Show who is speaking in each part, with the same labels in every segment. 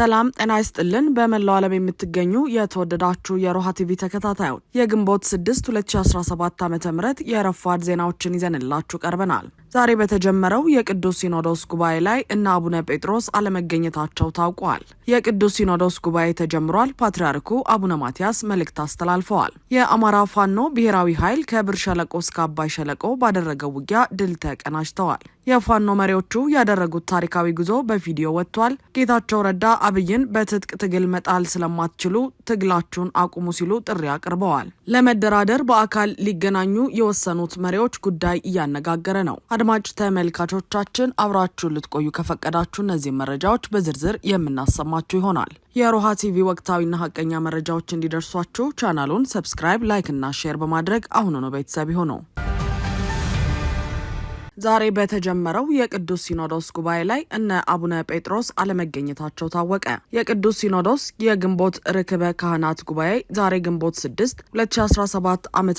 Speaker 1: ሰላም ጤና ይስጥልን። በመላው ዓለም የምትገኙ የተወደዳችሁ የሮሃ ቲቪ ተከታታዮች የግንቦት 6 2017 ዓ ም የረፋድ ዜናዎችን ይዘንላችሁ ቀርበናል። ዛሬ በተጀመረው የቅዱስ ሲኖዶስ ጉባኤ ላይ እነ አቡነ ጴጥሮስ አለመገኘታቸው ታውቋል። የቅዱስ ሲኖዶስ ጉባኤ ተጀምሯል። ፓትርያርኩ አቡነ ማትያስ መልእክት አስተላልፈዋል። የአማራ ፋኖ ብሔራዊ ኃይል ከብር ሸለቆ እስከ አባይ ሸለቆ ባደረገው ውጊያ ድል ተቀናጅተዋል። የፋኖ መሪዎቹ ያደረጉት ታሪካዊ ጉዞ በቪዲዮ ወጥቷል። ጌታቸው ረዳ አብይን በትጥቅ ትግል መጣል ስለማትችሉ ትግላችሁን አቁሙ ሲሉ ጥሪ አቅርበዋል። ለመደራደር በአካል ሊገናኙ የወሰኑት መሪዎች ጉዳይ እያነጋገረ ነው። አድማጭ ተመልካቾቻችን አብራችሁን ልትቆዩ ከፈቀዳችሁ እነዚህ መረጃዎች በዝርዝር የምናሰማችሁ ይሆናል። የሮሃ ቲቪ ወቅታዊና ሀቀኛ መረጃዎች እንዲደርሷችሁ ቻናሉን ሰብስክራይብ፣ ላይክ እና ሼር በማድረግ አሁኑ ነው ቤተሰብ ይሁኑ። ዛሬ በተጀመረው የቅዱስ ሲኖዶስ ጉባኤ ላይ እነ አቡነ ጴጥሮስ አለመገኘታቸው ታወቀ። የቅዱስ ሲኖዶስ የግንቦት ርክበ ካህናት ጉባኤ ዛሬ ግንቦት 6 2017 ዓ ም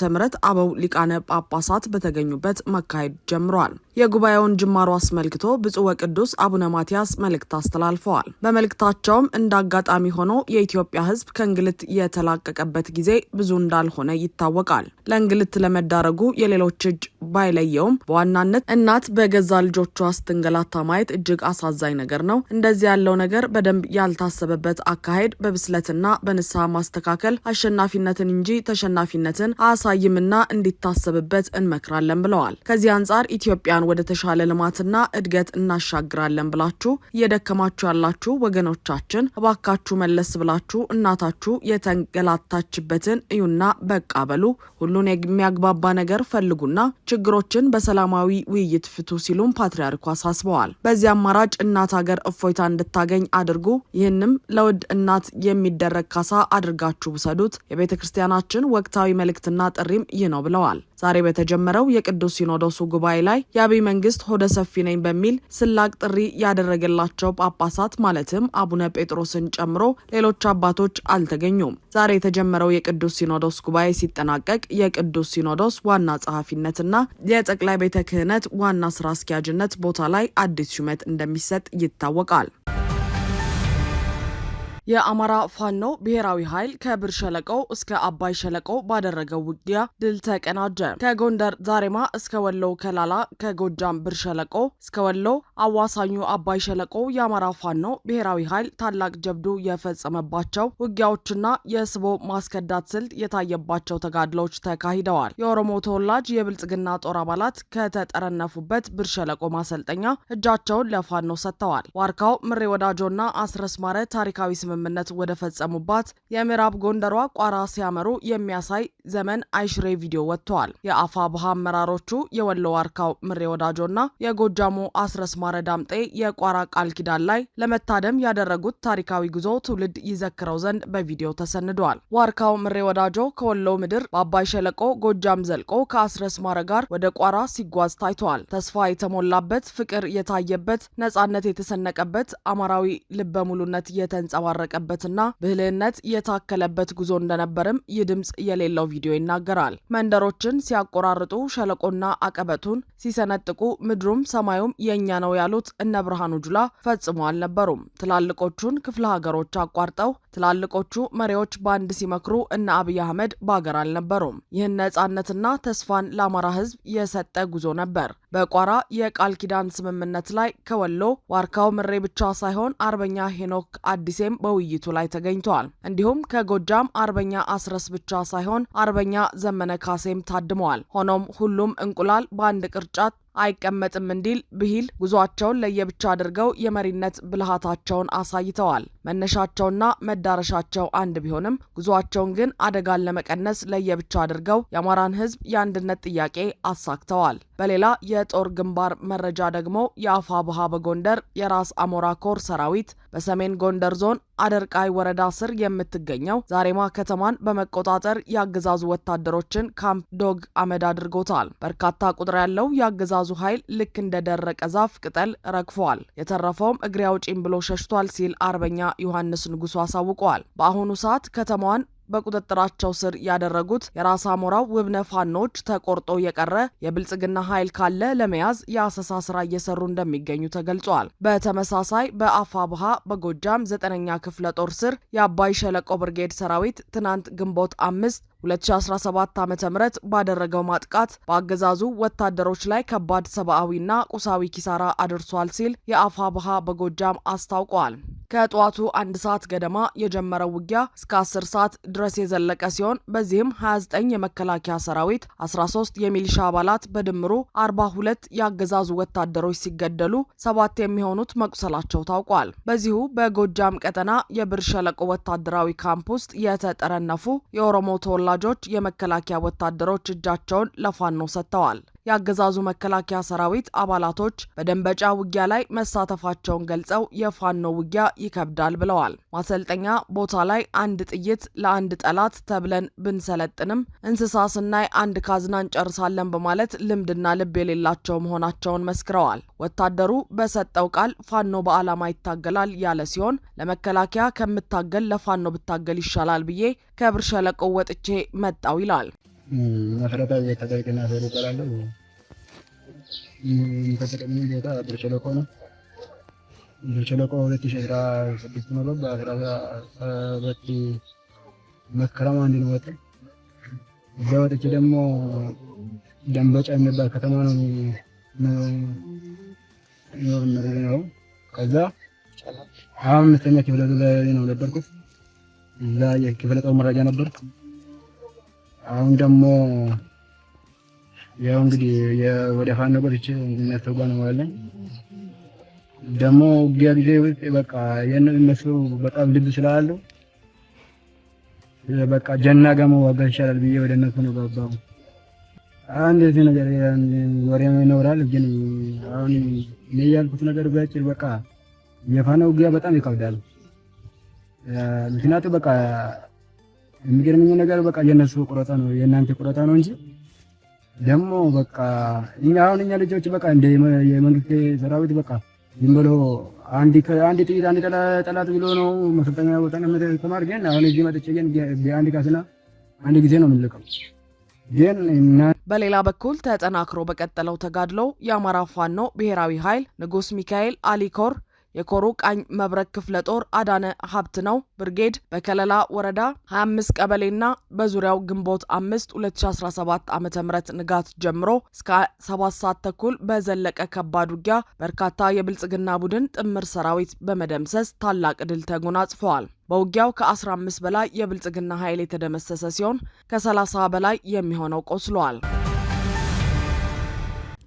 Speaker 1: አበው ሊቃነ ጳጳሳት በተገኙበት መካሄድ ጀምሯል። የጉባኤውን ጅማሮ አስመልክቶ ብፁዕ ወቅዱስ አቡነ ማቲያስ መልእክት አስተላልፈዋል። በመልእክታቸውም እንደ አጋጣሚ ሆኖ የኢትዮጵያ ሕዝብ ከእንግልት የተላቀቀበት ጊዜ ብዙ እንዳልሆነ ይታወቃል። ለእንግልት ለመዳረጉ የሌሎች እጅ ባይለየውም በዋናነት እናት በገዛ ልጆቿ ስትንገላታ ማየት እጅግ አሳዛኝ ነገር ነው። እንደዚህ ያለው ነገር በደንብ ያልታሰበበት አካሄድ በብስለትና በንስሐ ማስተካከል አሸናፊነትን እንጂ ተሸናፊነትን አያሳይምና እንዲታሰብበት እንመክራለን ብለዋል። ከዚህ አንጻር ኢትዮጵያ ኢትዮጵያን ወደ ተሻለ ልማትና እድገት እናሻግራለን ብላችሁ እየደከማችሁ ያላችሁ ወገኖቻችን እባካችሁ መለስ ብላችሁ እናታችሁ የተንገላታችበትን እዩና በቃ በሉ። ሁሉን የሚያግባባ ነገር ፈልጉና ችግሮችን በሰላማዊ ውይይት ፍቱ ሲሉም ፓትርያርኩ አሳስበዋል። በዚህ አማራጭ እናት ሀገር እፎይታ እንድታገኝ አድርጉ። ይህንም ለውድ እናት የሚደረግ ካሳ አድርጋችሁ ውሰዱት። የቤተ ክርስቲያናችን ወቅታዊ መልእክትና ጥሪም ይህ ነው ብለዋል። ዛሬ በተጀመረው የቅዱስ ሲኖዶሱ ጉባኤ ላይ የአብይ መንግስት ሆደ ሰፊ ነኝ በሚል ስላቅ ጥሪ ያደረገላቸው ጳጳሳት ማለትም አቡነ ጴጥሮስን ጨምሮ ሌሎች አባቶች አልተገኙም። ዛሬ የተጀመረው የቅዱስ ሲኖዶስ ጉባኤ ሲጠናቀቅ የቅዱስ ሲኖዶስ ዋና ጸሐፊነትና የጠቅላይ ቤተ ክህነት ዋና ስራ አስኪያጅነት ቦታ ላይ አዲስ ሹመት እንደሚሰጥ ይታወቃል። የአማራ ፋኖ ብሔራዊ ኃይል ከብር ሸለቆው እስከ አባይ ሸለቆው ባደረገው ውጊያ ድል ተቀናጀ። ከጎንደር ዛሬማ እስከ ወሎ ከላላ፣ ከጎጃም ብር ሸለቆ እስከ ወሎ አዋሳኙ አባይ ሸለቆ የአማራ ፋኖ ብሔራዊ ኃይል ታላቅ ጀብዱ የፈጸመባቸው ውጊያዎችና የስቦ ማስከዳት ስልት የታየባቸው ተጋድሎች ተካሂደዋል። የኦሮሞ ተወላጅ የብልጽግና ጦር አባላት ከተጠረነፉበት ብር ሸለቆ ማሰልጠኛ እጃቸውን ለፋኖ ሰጥተዋል። ዋርካው ምሬ ወዳጆና አስረስማረ ታሪካዊ ስም። ስምምነት ወደ ፈጸሙባት የምዕራብ ጎንደሯ ቋራ ሲያመሩ የሚያሳይ ዘመን አይሽሬ ቪዲዮ ወጥተዋል። የአፋ ባህ አመራሮቹ የወሎ ዋርካው ምሬ ወዳጆና የጎጃሙ አስረስ ማረ ዳምጤ የቋራ ቃል ኪዳን ላይ ለመታደም ያደረጉት ታሪካዊ ጉዞ ትውልድ ይዘክረው ዘንድ በቪዲዮ ተሰንደዋል። ዋርካው ምሬ ወዳጆ ከወሎ ምድር በአባይ ሸለቆ ጎጃም ዘልቆ ከአስረስ ማረ ጋር ወደ ቋራ ሲጓዝ ታይተዋል። ተስፋ የተሞላበት፣ ፍቅር የታየበት፣ ነጻነት የተሰነቀበት፣ አማራዊ ሙሉነት የተንጸባረ የተፈራረቀበትና ብልህነት የታከለበት ጉዞ እንደነበርም ይህ ድምፅ የሌለው ቪዲዮ ይናገራል። መንደሮችን ሲያቆራርጡ ሸለቆና አቀበቱን ሲሰነጥቁ ምድሩም ሰማዩም የእኛ ነው ያሉት እነ ብርሃኑ ጁላ ፈጽሞ አልነበሩም። ትላልቆቹን ክፍለ ሀገሮች አቋርጠው ትላልቆቹ መሪዎች በአንድ ሲመክሩ እነ አብይ አህመድ በሀገር አልነበሩም። ይህን ነጻነትና ተስፋን ለአማራ ሕዝብ የሰጠ ጉዞ ነበር። በቋራ የቃል ኪዳን ስምምነት ላይ ከወሎ ዋርካው ምሬ ብቻ ሳይሆን አርበኛ ሄኖክ አዲሴም በ በውይይቱ ላይ ተገኝተዋል። እንዲሁም ከጎጃም አርበኛ አስረስ ብቻ ሳይሆን አርበኛ ዘመነ ካሴም ታድመዋል። ሆኖም ሁሉም እንቁላል በአንድ ቅርጫት አይቀመጥም እንዲል ብሂል ጉዟቸውን ለየብቻ አድርገው የመሪነት ብልሃታቸውን አሳይተዋል። መነሻቸውና መዳረሻቸው አንድ ቢሆንም ጉዟቸውን ግን አደጋን ለመቀነስ ለየብቻ አድርገው የአማራን ሕዝብ የአንድነት ጥያቄ አሳክተዋል። በሌላ የጦር ግንባር መረጃ ደግሞ የአፋብሃ በጎንደር የራስ አሞራ ኮር ሰራዊት በሰሜን ጎንደር ዞን አደርቃይ ወረዳ ስር የምትገኘው ዛሬማ ከተማን በመቆጣጠር የአገዛዙ ወታደሮችን ካምፕ ዶግ አመድ አድርጎታል። በርካታ ቁጥር ያለው የአገዛዙ የአገዛዙ ኃይል ልክ እንደ ደረቀ ዛፍ ቅጠል ረግፈዋል። የተረፈውም እግሬ አውጪኝ ብሎ ሸሽቷል ሲል አርበኛ ዮሐንስ ንጉሱ አሳውቀዋል። በአሁኑ ሰዓት ከተማዋን በቁጥጥራቸው ስር ያደረጉት የራስ አሞራው ውብነ ፋኖች ተቆርጦ የቀረ የብልጽግና ኃይል ካለ ለመያዝ የአሰሳ ስራ እየሰሩ እንደሚገኙ ተገልጿል። በተመሳሳይ በአፋብሃ በጎጃም ዘጠነኛ ክፍለ ጦር ስር የአባይ ሸለቆ ብርጌድ ሰራዊት ትናንት ግንቦት አምስት 2017 ዓ ም ባደረገው ማጥቃት በአገዛዙ ወታደሮች ላይ ከባድ ሰብአዊና ቁሳዊ ኪሳራ አድርሷል ሲል የአፋ ብሃ በጎጃም አስታውቋል። ከጠዋቱ አንድ ሰዓት ገደማ የጀመረው ውጊያ እስከ 10 ሰዓት ድረስ የዘለቀ ሲሆን በዚህም 29 የመከላከያ ሰራዊት፣ 13 የሚሊሻ አባላት በድምሩ 42 የአገዛዙ ወታደሮች ሲገደሉ ሰባት የሚሆኑት መቁሰላቸው ታውቋል። በዚሁ በጎጃም ቀጠና የብር ሸለቆ ወታደራዊ ካምፕ ውስጥ የተጠረነፉ የኦሮሞ ተወላ ተወላጆች የመከላከያ ወታደሮች እጃቸውን ለፋኖ ሰጥተዋል። የአገዛዙ መከላከያ ሰራዊት አባላቶች በደንበጫ ውጊያ ላይ መሳተፋቸውን ገልጸው የፋኖ ውጊያ ይከብዳል ብለዋል። ማሰልጠኛ ቦታ ላይ አንድ ጥይት ለአንድ ጠላት ተብለን ብንሰለጥንም እንስሳ ስናይ አንድ ካዝና እንጨርሳለን በማለት ልምድና ልብ የሌላቸው መሆናቸውን መስክረዋል። ወታደሩ በሰጠው ቃል ፋኖ በዓላማ ይታገላል ያለ ሲሆን ለመከላከያ ከምታገል ለፋኖ ብታገል ይሻላል ብዬ ከብር ሸለቆ ወጥቼ መጣው ይላል። መሰረታዊ ቤተዘይትና ሰሩ ይባላለሁ። የሚፈጠቀኝ ቦታ ብር ሸለቆ ነው። ብር ሸለቆ ሁለት ሺህ አስራ ስድስት ነው። በአስራ ሰባት መስከረም አንድ ነው ወጣ። እዚያ ወጥቼ ደግሞ ደንበጫ የሚባል ከተማ ነው ነው። ከዛ አሁን አምስተኛ ክፍለ ጊዜ ላይ ነው ነበርኩ። እዛ የክፍለ ጦር መረጃ ነበርኩ። አሁን ደግሞ ያው እንግዲህ ወደ ፋኖ ገብቼ እናስተጓጉላለን። ደግሞ ውጊያ ጊዜ ውስጥ በቃ የእነሱ በጣም ልብ ስላለው በቃ ጀና ገሞ መዋጋት ይሻላል ብዬ ወደ እነሱ ነው ገባሁ። እንደዚህ ነገር ወሬ ይኖራል፣ ግን አሁን እኔ ያልኩት ነገር ባጭር በቃ የፋኖ ውጊያ በጣም ይከብዳል። ምክንያቱም በቃ የሚገርመኝ ነገር በቃ የነሱ ቁረጣ ነው የእናንተ ቁረጣ ነው እንጂ ደግሞ በቃ እኛ አሁን እኛ ልጆች በቃ እንደ የመንግስት ሰራዊት በቃ ዝም ብሎ አንድ ጥይት አንድ ጠላት ብሎ ነው መሰልጠኛ ቦታ ተማር። ግን አሁን እዚህ መጥቼ ግን አንድ ካስና አንድ ጊዜ ነው የምንልቀው። በሌላ በኩል ተጠናክሮ በቀጠለው ተጋድሎ የአማራ ፋኖ ብሔራዊ ኃይል ንጉስ ሚካኤል አሊኮር የኮሩ ቃኝ መብረቅ ክፍለ ጦር አዳነ ሀብት ነው ብርጌድ በከለላ ወረዳ 25 ቀበሌና በዙሪያው ግንቦት 5 2017 ዓ ም ንጋት ጀምሮ እስከ 7 ሰዓት ተኩል በዘለቀ ከባድ ውጊያ በርካታ የብልጽግና ቡድን ጥምር ሰራዊት በመደምሰስ ታላቅ ድል ተጎናጽፈዋል። በውጊያው ከ15 በላይ የብልጽግና ኃይል የተደመሰሰ ሲሆን ከ30 በላይ የሚሆነው ቆስሏል።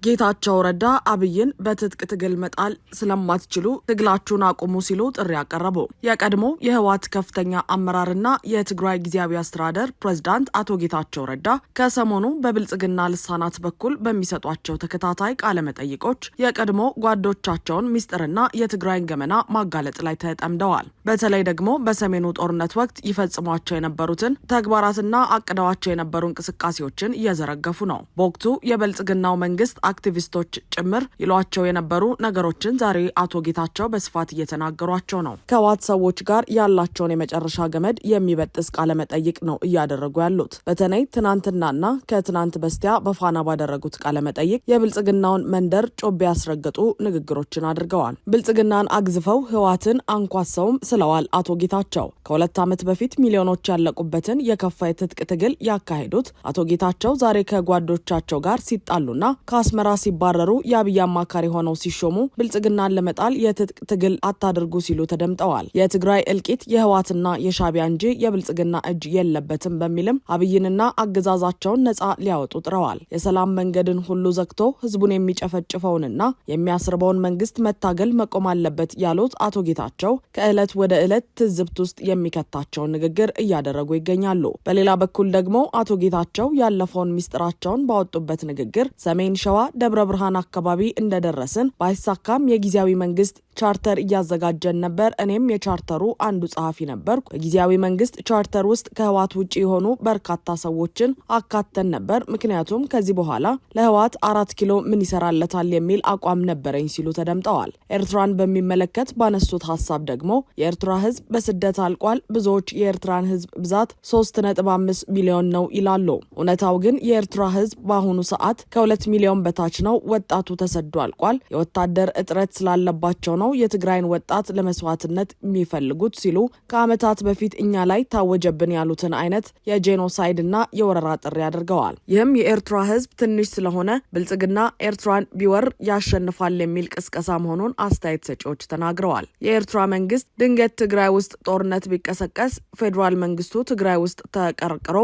Speaker 1: ጌታቸው ረዳ አብይን በትጥቅ ትግል መጣል ስለማትችሉ ትግላችሁን አቁሙ ሲሉ ጥሪ አቀረቡ። የቀድሞ የህወሓት ከፍተኛ አመራርና የትግራይ ጊዜያዊ አስተዳደር ፕሬዝዳንት አቶ ጌታቸው ረዳ ከሰሞኑ በብልጽግና ልሳናት በኩል በሚሰጧቸው ተከታታይ ቃለመጠይቆች የቀድሞ ጓዶቻቸውን ሚስጥርና የትግራይን ገመና ማጋለጥ ላይ ተጠምደዋል። በተለይ ደግሞ በሰሜኑ ጦርነት ወቅት ይፈጽሟቸው የነበሩትን ተግባራትና አቅደዋቸው የነበሩ እንቅስቃሴዎችን እየዘረገፉ ነው። በወቅቱ የብልጽግናው መንግስት አክቲቪስቶች ጭምር ይሏቸው የነበሩ ነገሮችን ዛሬ አቶ ጌታቸው በስፋት እየተናገሯቸው ነው። ከህወሓት ሰዎች ጋር ያላቸውን የመጨረሻ ገመድ የሚበጥስ ቃለመጠይቅ ነው እያደረጉ ያሉት። በተለይ ትናንትናና ከትናንት በስቲያ በፋና ባደረጉት ቃለመጠይቅ የብልጽግናውን መንደር ጮቤ ያስረገጡ ንግግሮችን አድርገዋል። ብልጽግናን አግዝፈው ህወሓትን አንኳሰውም ስለዋል አቶ ጌታቸው። ከሁለት ዓመት በፊት ሚሊዮኖች ያለቁበትን የከፋ የትጥቅ ትግል ያካሄዱት አቶ ጌታቸው ዛሬ ከጓዶቻቸው ጋር ሲጣሉና ከአስመራ አማራ ሲባረሩ የአብይ አማካሪ ሆነው ሲሾሙ ብልጽግናን ለመጣል የትጥቅ ትግል አታድርጉ ሲሉ ተደምጠዋል። የትግራይ እልቂት የህዋትና የሻቢያ እንጂ የብልጽግና እጅ የለበትም በሚልም አብይንና አገዛዛቸውን ነጻ ሊያወጡ ጥረዋል። የሰላም መንገድን ሁሉ ዘግቶ ህዝቡን የሚጨፈጭፈውንና የሚያስርበውን መንግስት መታገል መቆም አለበት ያሉት አቶ ጌታቸው ከዕለት ወደ ዕለት ትዝብት ውስጥ የሚከታቸውን ንግግር እያደረጉ ይገኛሉ። በሌላ በኩል ደግሞ አቶ ጌታቸው ያለፈውን ሚስጥራቸውን ባወጡበት ንግግር ሰሜን ሸዋ ደብረ ብርሃን አካባቢ እንደደረስን ባይሳካም የጊዜያዊ መንግስት ቻርተር እያዘጋጀን ነበር። እኔም የቻርተሩ አንዱ ጸሐፊ ነበርኩ። በጊዜያዊ መንግስት ቻርተር ውስጥ ከህዋት ውጭ የሆኑ በርካታ ሰዎችን አካተን ነበር። ምክንያቱም ከዚህ በኋላ ለህዋት አራት ኪሎ ምን ይሰራለታል የሚል አቋም ነበረኝ ሲሉ ተደምጠዋል። ኤርትራን በሚመለከት ባነሱት ሀሳብ ደግሞ የኤርትራ ህዝብ በስደት አልቋል። ብዙዎች የኤርትራን ህዝብ ብዛት ሶስት ነጥብ አምስት ሚሊዮን ነው ይላሉ። እውነታው ግን የኤርትራ ህዝብ በአሁኑ ሰዓት ከሁለት ሚሊዮን በታች ነው። ወጣቱ ተሰዶ አልቋል። የወታደር እጥረት ስላለባቸው ነው ነው የትግራይን ወጣት ለመስዋዕትነት የሚፈልጉት ሲሉ ከዓመታት በፊት እኛ ላይ ታወጀብን ያሉትን አይነት የጄኖሳይድ እና የወረራ ጥሪ አድርገዋል። ይህም የኤርትራ ሕዝብ ትንሽ ስለሆነ ብልጽግና ኤርትራን ቢወር ያሸንፋል የሚል ቅስቀሳ መሆኑን አስተያየት ሰጪዎች ተናግረዋል። የኤርትራ መንግስት ድንገት ትግራይ ውስጥ ጦርነት ቢቀሰቀስ ፌዴራል መንግስቱ ትግራይ ውስጥ ተቀርቅሮ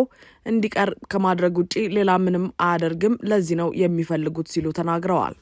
Speaker 1: እንዲቀር ከማድረግ ውጪ ሌላ ምንም አያደርግም። ለዚህ ነው የሚፈልጉት ሲሉ ተናግረዋል።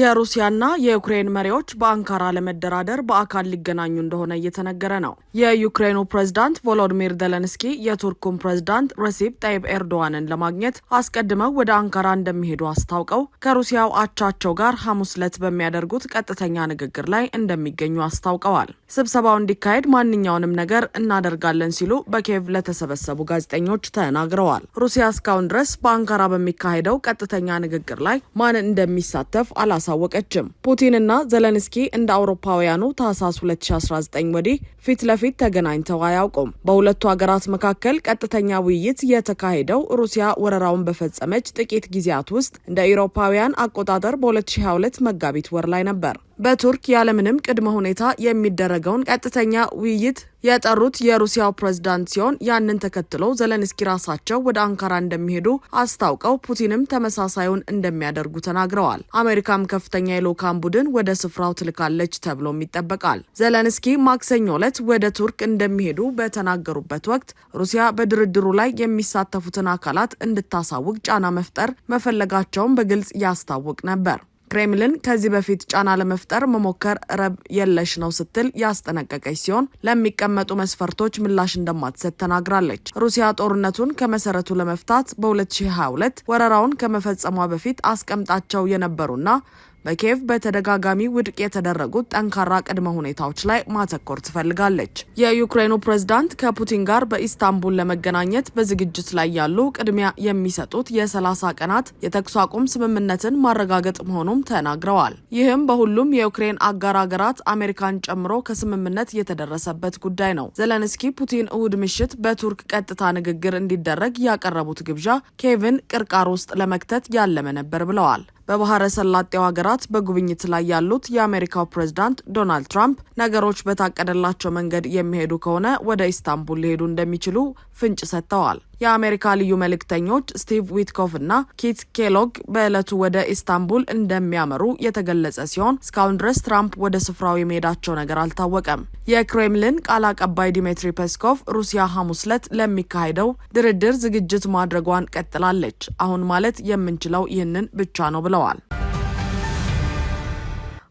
Speaker 1: የሩሲያና የዩክሬን መሪዎች በአንካራ ለመደራደር በአካል ሊገናኙ እንደሆነ እየተነገረ ነው። የዩክሬኑ ፕሬዝዳንት ቮሎዲሚር ዘለንስኪ የቱርኩን ፕሬዝዳንት ረሲፕ ጣይብ ኤርዶዋንን ለማግኘት አስቀድመው ወደ አንካራ እንደሚሄዱ አስታውቀው ከሩሲያው አቻቸው ጋር ሐሙስ ዕለት በሚያደርጉት ቀጥተኛ ንግግር ላይ እንደሚገኙ አስታውቀዋል። ስብሰባው እንዲካሄድ ማንኛውንም ነገር እናደርጋለን ሲሉ በኬቭ ለተሰበሰቡ ጋዜጠኞች ተናግረዋል። ሩሲያ እስካሁን ድረስ በአንካራ በሚካሄደው ቀጥተኛ ንግግር ላይ ማን እንደሚሳተፍ አላ አላሳወቀችም። ፑቲንና ዘለንስኪ እንደ አውሮፓውያኑ ታህሳስ 2019 ወዲህ ፊት ለፊት ተገናኝተው አያውቁም። በሁለቱ ሀገራት መካከል ቀጥተኛ ውይይት የተካሄደው ሩሲያ ወረራውን በፈጸመች ጥቂት ጊዜያት ውስጥ እንደ ኢሮፓውያን አቆጣጠር በ2022 መጋቢት ወር ላይ ነበር። በቱርክ ያለምንም ቅድመ ሁኔታ የሚደረገውን ቀጥተኛ ውይይት የጠሩት የሩሲያው ፕሬዝዳንት ሲሆን ያንን ተከትሎ ዘለንስኪ ራሳቸው ወደ አንካራ እንደሚሄዱ አስታውቀው ፑቲንም ተመሳሳዩን እንደሚያደርጉ ተናግረዋል። አሜሪካም ከፍተኛ የልዑካን ቡድን ወደ ስፍራው ትልካለች ተብሎም ይጠበቃል። ዘለንስኪ ማክሰኞ ዕለት ወደ ቱርክ እንደሚሄዱ በተናገሩበት ወቅት ሩሲያ በድርድሩ ላይ የሚሳተፉትን አካላት እንድታሳውቅ ጫና መፍጠር መፈለጋቸውን በግልጽ ያስታውቅ ነበር። ክሬምሊን ከዚህ በፊት ጫና ለመፍጠር መሞከር ረብ የለሽ ነው ስትል ያስጠነቀቀች ሲሆን ለሚቀመጡ መስፈርቶች ምላሽ እንደማትሰጥ ተናግራለች። ሩሲያ ጦርነቱን ከመሰረቱ ለመፍታት በ2022 ወረራውን ከመፈጸሟ በፊት አስቀምጣቸው የነበሩና በኪየቭ በተደጋጋሚ ውድቅ የተደረጉት ጠንካራ ቅድመ ሁኔታዎች ላይ ማተኮር ትፈልጋለች። የዩክሬኑ ፕሬዝዳንት ከፑቲን ጋር በኢስታንቡል ለመገናኘት በዝግጅት ላይ ያሉ ቅድሚያ የሚሰጡት የ30 ቀናት የተኩስ አቁም ስምምነትን ማረጋገጥ መሆኑም ተናግረዋል። ይህም በሁሉም የዩክሬን አጋር አገራት አሜሪካን ጨምሮ ከስምምነት የተደረሰበት ጉዳይ ነው። ዘለንስኪ ፑቲን እሁድ ምሽት በቱርክ ቀጥታ ንግግር እንዲደረግ ያቀረቡት ግብዣ ኪየቭን ቅርቃር ውስጥ ለመክተት ያለመ ነበር ብለዋል። በባህረ ሰላጤው ሀገራት በጉብኝት ላይ ያሉት የአሜሪካው ፕሬዝዳንት ዶናልድ ትራምፕ ነገሮች በታቀደላቸው መንገድ የሚሄዱ ከሆነ ወደ ኢስታንቡል ሊሄዱ እንደሚችሉ ፍንጭ ሰጥተዋል። የአሜሪካ ልዩ መልእክተኞች ስቲቭ ዊትኮፍ እና ኪት ኬሎግ በዕለቱ ወደ ኢስታንቡል እንደሚያመሩ የተገለጸ ሲሆን እስካሁን ድረስ ትራምፕ ወደ ስፍራው የመሄዳቸው ነገር አልታወቀም። የክሬምሊን ቃል አቀባይ ዲሜትሪ ፔስኮቭ ሩሲያ ሐሙስ ዕለት ለሚካሄደው ድርድር ዝግጅት ማድረጓን ቀጥላለች። አሁን ማለት የምንችለው ይህንን ብቻ ነው ብለዋል።